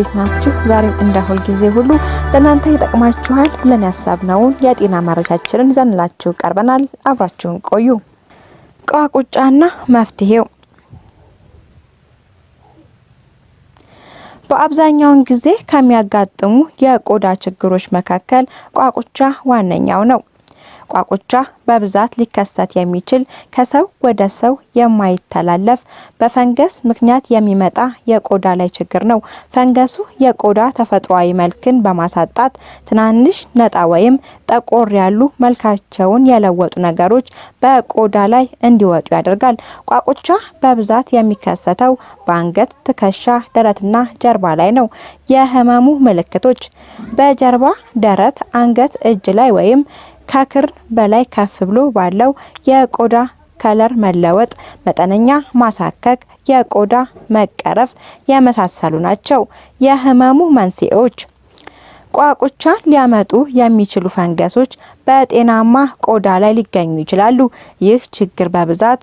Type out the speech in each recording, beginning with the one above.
እንዴት ናችሁ? ዛሬም እንደ ሁል ጊዜ ሁሉ ለእናንተ ይጠቅማችኋል ብለን ያሳብነውን የጤና መረጃችንን ይዘንላችሁ ቀርበናል። አብራችሁን ቆዩ። ቋቁቻና መፍትሄው በአብዛኛውን ጊዜ ከሚያጋጥሙ የቆዳ ችግሮች መካከል ቋቁቻ ዋነኛው ነው። ቋቁቻ በብዛት ሊከሰት የሚችል ከሰው ወደ ሰው የማይተላለፍ በፈንገስ ምክንያት የሚመጣ የቆዳ ላይ ችግር ነው። ፈንገሱ የቆዳ ተፈጥሯዊ መልክን በማሳጣት ትናንሽ ነጣ ወይም ጠቆር ያሉ መልካቸውን የለወጡ ነገሮች በቆዳ ላይ እንዲወጡ ያደርጋል። ቋቁቻ በብዛት የሚከሰተው በአንገት፣ ትከሻ፣ ደረትና ጀርባ ላይ ነው። የህመሙ ምልክቶች በጀርባ፣ ደረት፣ አንገት፣ እጅ ላይ ወይም ከክር በላይ ከፍ ብሎ ባለው የቆዳ ከለር መለወጥ፣ መጠነኛ ማሳከክ፣ የቆዳ መቀረፍ የመሳሰሉ ናቸው። የህመሙ መንስኤዎች ቋቁቻን ሊያመጡ የሚችሉ ፈንገሶች በጤናማ ቆዳ ላይ ሊገኙ ይችላሉ። ይህ ችግር በብዛት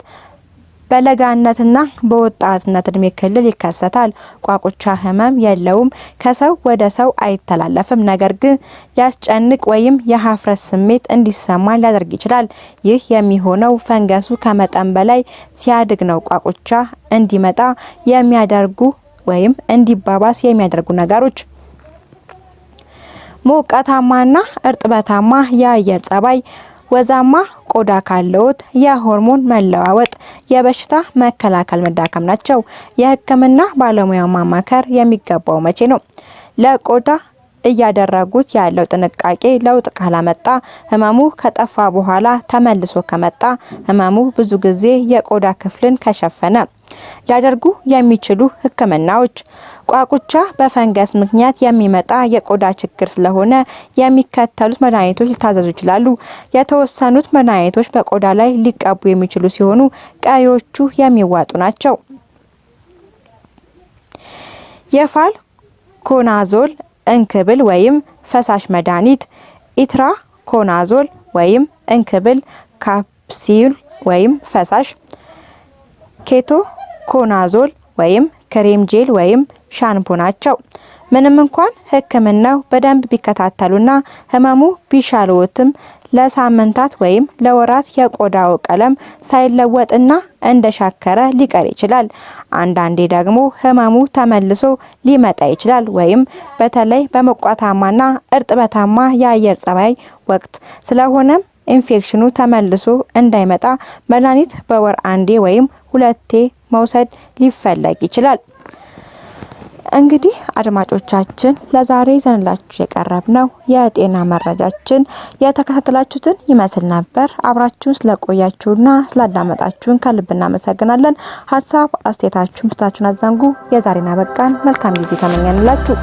በለጋነትና በወጣትነት እድሜ ክልል ይከሰታል። ቋቁቻ ህመም የለውም፣ ከሰው ወደ ሰው አይተላለፍም። ነገር ግን ያስጨንቅ ወይም የሀፍረት ስሜት እንዲሰማ ሊያደርግ ይችላል። ይህ የሚሆነው ፈንገሱ ከመጠን በላይ ሲያድግ ነው። ቋቁቻ እንዲመጣ የሚያደርጉ ወይም እንዲባባስ የሚያደርጉ ነገሮች ሞቃታማና እርጥበታማ የአየር ጸባይ ወዛማ ቆዳ ካለዎት የሆርሞን መለዋወጥ፣ የበሽታ መከላከል መዳከም ናቸው። የህክምና ባለሙያ ማማከር የሚገባው መቼ ነው? ለቆዳ እያደረጉት ያለው ጥንቃቄ ለውጥ ካላመጣ ህመሙ ከጠፋ በኋላ ተመልሶ ከመጣ ህመሙ ብዙ ጊዜ የቆዳ ክፍልን ከሸፈነ ሊያደርጉ የሚችሉ ህክምናዎች ቋቁቻ በፈንገስ ምክንያት የሚመጣ የቆዳ ችግር ስለሆነ የሚከተሉት መድኃኒቶች ሊታዘዙ ይችላሉ። የተወሰኑት መድኃኒቶች በቆዳ ላይ ሊቀቡ የሚችሉ ሲሆኑ ቀሪዎቹ የሚዋጡ ናቸው። የፋል ኮናዞል እንክብል ወይም ፈሳሽ መድኃኒት፣ ኮናዞል ወይም እንክብል፣ ካፕሲል ወይም ፈሳሽ፣ ኬቶ ኮናዞል ወይም ክሬም ጄል ወይም ሻምፖ ናቸው። ምንም እንኳን ሕክምናው በደንብ ቢከታተሉና ህመሙ ቢሻለዎትም ለሳምንታት ወይም ለወራት የቆዳው ቀለም ሳይለወጥና እንደሻከረ ሊቀር ይችላል። አንዳንዴ ደግሞ ህመሙ ተመልሶ ሊመጣ ይችላል ወይም በተለይ በሞቃታማና እርጥበታማ የአየር ጸባይ ወቅት ስለሆነም ኢንፌክሽኑ ተመልሶ እንዳይመጣ መድኃኒት በወር አንዴ ወይም ሁለቴ መውሰድ ሊፈለግ ይችላል። እንግዲህ አድማጮቻችን ለዛሬ ዘንላችሁ የቀረብ ነው የጤና መረጃችን የተከታተላችሁትን ይመስል ነበር። አብራችሁን ስለቆያችሁና ስላዳመጣችሁን ከልብ እናመሰግናለን። ሀሳብ አስተያየታችሁን ስታችሁን አዘንጉ። የዛሬን አበቃን። መልካም ጊዜ ተመኘንላችሁ።